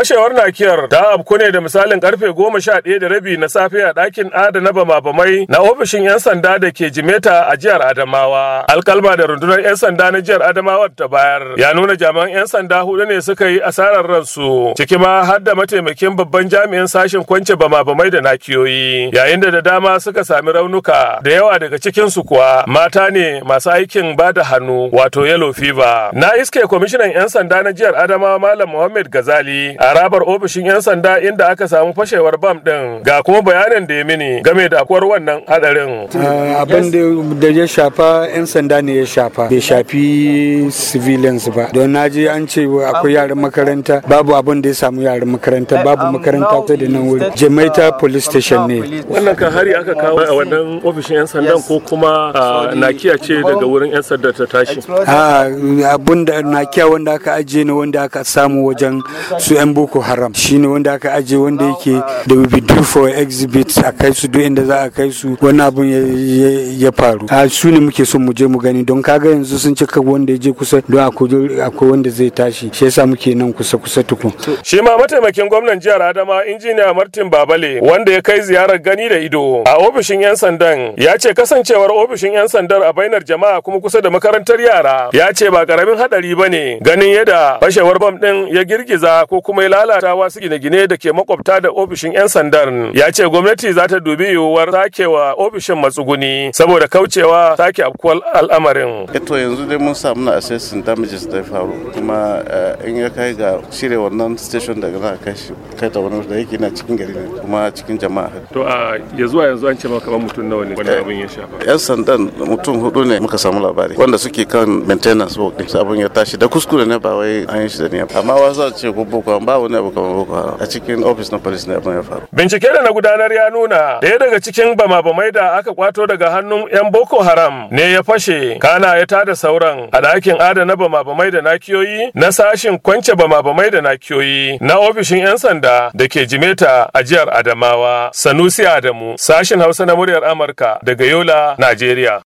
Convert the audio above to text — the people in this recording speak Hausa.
Fashewar nakiyar ta afku ne da misalin karfe goma sha ɗaya da rabi na safe a ɗakin adana bama-bamai na ofishin 'yan sanda da ke jimeta a jihar Adamawa. Alkalma da rundunar 'yan sanda na jihar Adamawa ta bayar ya nuna jami'an 'yan sanda hudu ne suka yi asarar ransu ciki ma har da mataimakin babban jami'in sashen kwance bama-bamai da nakiyoyi yayin da da dama suka sami raunuka da yawa daga cikinsu kuwa mata ne masu aikin ba da hannu wato yellow fever. Na iske kwamishinan 'yan sanda na jihar Adamawa Malam Muhammad Gazali a harabar ofishin 'yan sanda inda aka samu fashewar bam din ga kuma bayanin da ya mini game da akwar wannan hadarin. Eh, abin da ya shafa 'yan sanda ne ya shafa bai shafi civilians ba don na je an ce akwai yaran makaranta babu abin da ya samu yaran makaranta eh, babu um, makaranta ta da nan wuri jamaita uh, police station ne. Wannan kan hari aka kawo a wannan ofishin 'yan sandan ko kuma uh, nakiya ce daga wurin 'yan sanda ta tashi. Ah, abin da nakiya wanda aka ajiye ne wanda aka samu wajen su 'yan boko haram shi ne wanda aka aje wanda yake da be due for exhibit a kai su duk inda za a kai su wani abun ya faru a su ne muke son mu je mu gani don kaga yanzu sun cika wanda ya je kusa don akwai wanda zai tashi shi yasa muke nan kusa kusa tuku. shi ma mataimakin gwamnan jihar adama injiniya martin babale wanda ya kai ziyarar gani da ido a ofishin yan sandan ya ce kasancewar ofishin yan sandan a bainar jama'a kuma kusa da makarantar yara ya ce ba karamin hadari ne ganin yadda fashewar bam din ya girgiza ko kuma ya lalatawa su gine-gine da ke makwabta da ofishin 'yan sandan ya ce gwamnati za ta dubi yiwuwar sakewa ofishin matsuguni saboda kaucewa sake afkuwar al'amarin. Eto eh yanzu dai mun samu na assessing damages da ya faru kuma eh, in ya kai ga shirya wannan station daga za a kai shi kai da wani da yake na cikin gari ne kuma cikin jama'a. To a ya zuwa yanzu an ce maka kamar mutum nawa ne wani eh, abin ya shafa. 'Yan sandan mutum hudu ne muka samu labari wanda suke kan maintenance work abin ya tashi da kuskure ne ba wai an yi shi da niyya amma wasu ce ko boko ba ne abu kamar boko haram a cikin ofis na polis ne abin ya faru bincike da na gudanar ya nuna ɗaya daga cikin bama-bamai da aka kwato daga hannun yan boko haram ne ya fashe kana ya tada sauran a ɗakin adana bama-bamai da nakiyoyi na sashin kwance bama-bamai da nakiyoyi na ofishin yan sanda da ke jimeta a jihar adamawa sanusi adamu sashin hausa na muryar amurka daga yola najeriya